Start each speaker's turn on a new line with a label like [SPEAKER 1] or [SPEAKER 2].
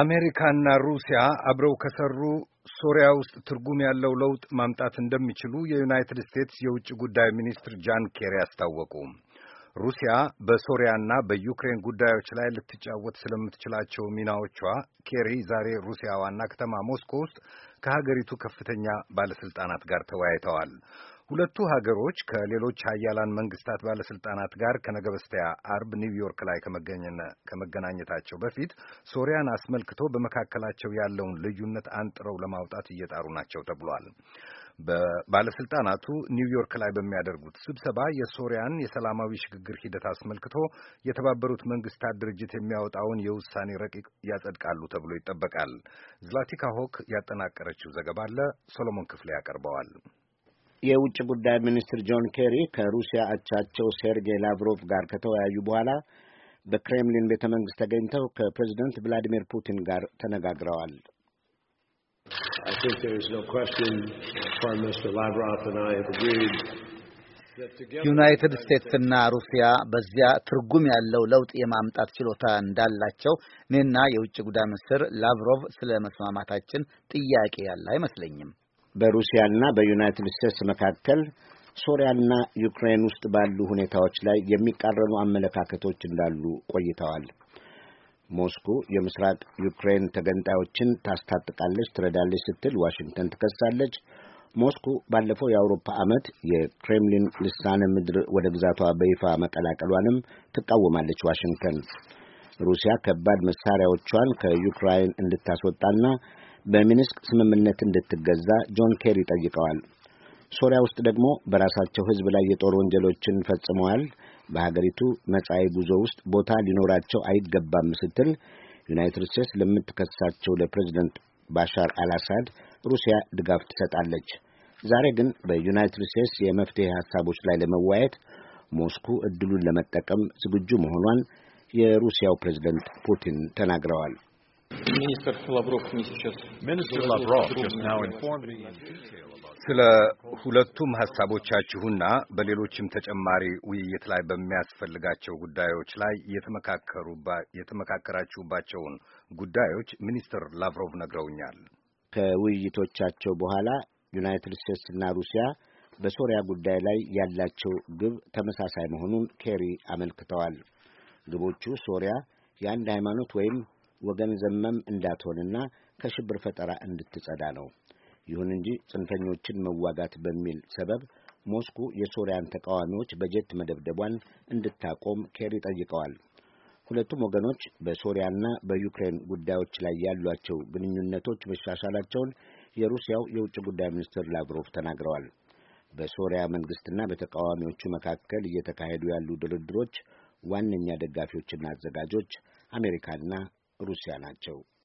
[SPEAKER 1] አሜሪካና ሩሲያ አብረው ከሰሩ ሶሪያ ውስጥ ትርጉም ያለው ለውጥ ማምጣት እንደሚችሉ የዩናይትድ ስቴትስ የውጭ ጉዳይ ሚኒስትር ጃን ኬሪ አስታወቁ። ሩሲያ በሶሪያና በዩክሬን ጉዳዮች ላይ ልትጫወት ስለምትችላቸው ሚናዎቿ ኬሪ ዛሬ ሩሲያ ዋና ከተማ ሞስኮ ውስጥ ከሀገሪቱ ከፍተኛ ባለስልጣናት ጋር ተወያይተዋል። ሁለቱ ሀገሮች ከሌሎች ሀያላን መንግስታት ባለስልጣናት ጋር ከነገ በስቲያ አርብ ኒውዮርክ ላይ ከመገናኘታቸው በፊት ሶሪያን አስመልክቶ በመካከላቸው ያለውን ልዩነት አንጥረው ለማውጣት እየጣሩ ናቸው ተብሏል። ባለስልጣናቱ ኒውዮርክ ላይ በሚያደርጉት ስብሰባ የሶሪያን የሰላማዊ ሽግግር ሂደት አስመልክቶ የተባበሩት መንግስታት ድርጅት የሚያወጣውን የውሳኔ ረቂቅ ያጸድቃሉ ተብሎ ይጠበቃል። ዝላቲካ ሆክ ያጠናቀረችው ዘገባ አለ፣ ሶሎሞን ክፍሌ ያቀርበዋል።
[SPEAKER 2] የውጭ ጉዳይ ሚኒስትር ጆን ኬሪ ከሩሲያ አቻቸው ሴርጌይ ላቭሮቭ ጋር ከተወያዩ በኋላ በክሬምሊን ቤተ መንግሥት ተገኝተው ከፕሬዚደንት ቭላዲሚር ፑቲን ጋር ተነጋግረዋል። ዩናይትድ ስቴትስና ሩሲያ በዚያ ትርጉም ያለው ለውጥ የማምጣት ችሎታ እንዳላቸው እኔና የውጭ ጉዳይ ሚኒስትር ላቭሮቭ ስለ መስማማታችን ጥያቄ ያለ አይመስለኝም። በሩሲያና በዩናይትድ ስቴትስ መካከል ሶሪያና ዩክሬን ውስጥ ባሉ ሁኔታዎች ላይ የሚቃረኑ አመለካከቶች እንዳሉ ቆይተዋል። ሞስኩ የምስራቅ ዩክሬን ተገንጣዮችን ታስታጥቃለች፣ ትረዳለች ስትል ዋሽንግተን ትከሳለች። ሞስኩ ባለፈው የአውሮፓ ዓመት የክሬምሊን ልሳነ ምድር ወደ ግዛቷ በይፋ መቀላቀሏንም ትቃወማለች ዋሽንግተን። ሩሲያ ከባድ መሳሪያዎቿን ከዩክራይን እንድታስወጣና በሚንስክ ስምምነት እንድትገዛ ጆን ኬሪ ጠይቀዋል። ሶሪያ ውስጥ ደግሞ በራሳቸው ሕዝብ ላይ የጦር ወንጀሎችን ፈጽመዋል፣ በሀገሪቱ መጻኢ ጉዞ ውስጥ ቦታ ሊኖራቸው አይገባም ስትል ዩናይትድ ስቴትስ ለምትከሳቸው ለፕሬዚደንት ባሻር አልአሳድ ሩሲያ ድጋፍ ትሰጣለች። ዛሬ ግን በዩናይትድ ስቴትስ የመፍትሄ ሀሳቦች ላይ ለመወያየት ሞስኩ እድሉን ለመጠቀም ዝግጁ መሆኗን የሩሲያው ፕሬዚደንት ፑቲን ተናግረዋል።
[SPEAKER 1] Minister Lavrov ስለ ሁለቱም ሀሳቦቻችሁና በሌሎችም ተጨማሪ ውይይት ላይ በሚያስፈልጋቸው ጉዳዮች ላይ የተመካከራችሁባቸውን ጉዳዮች ሚኒስትር ላቭሮቭ ነግረውኛል።
[SPEAKER 2] ከውይይቶቻቸው በኋላ ዩናይትድ ስቴትስና ሩሲያ በሶሪያ ጉዳይ ላይ ያላቸው ግብ ተመሳሳይ መሆኑን ኬሪ አመልክተዋል። ግቦቹ ሶሪያ የአንድ ሃይማኖት ወይም ወገን ዘመም እንዳትሆንና ከሽብር ፈጠራ እንድትጸዳ ነው። ይሁን እንጂ ጽንፈኞችን መዋጋት በሚል ሰበብ ሞስኮ የሶሪያን ተቃዋሚዎች በጀት መደብደቧን እንድታቆም ኬሪ ጠይቀዋል። ሁለቱም ወገኖች በሶሪያና በዩክሬን ጉዳዮች ላይ ያሏቸው ግንኙነቶች መሻሻላቸውን የሩሲያው የውጭ ጉዳይ ሚኒስትር ላቭሮቭ ተናግረዋል። በሶሪያ መንግስትና በተቃዋሚዎቹ መካከል እየተካሄዱ ያሉ ድርድሮች ዋነኛ ደጋፊዎችና አዘጋጆች አሜሪካና ሩሲያ ናቸው።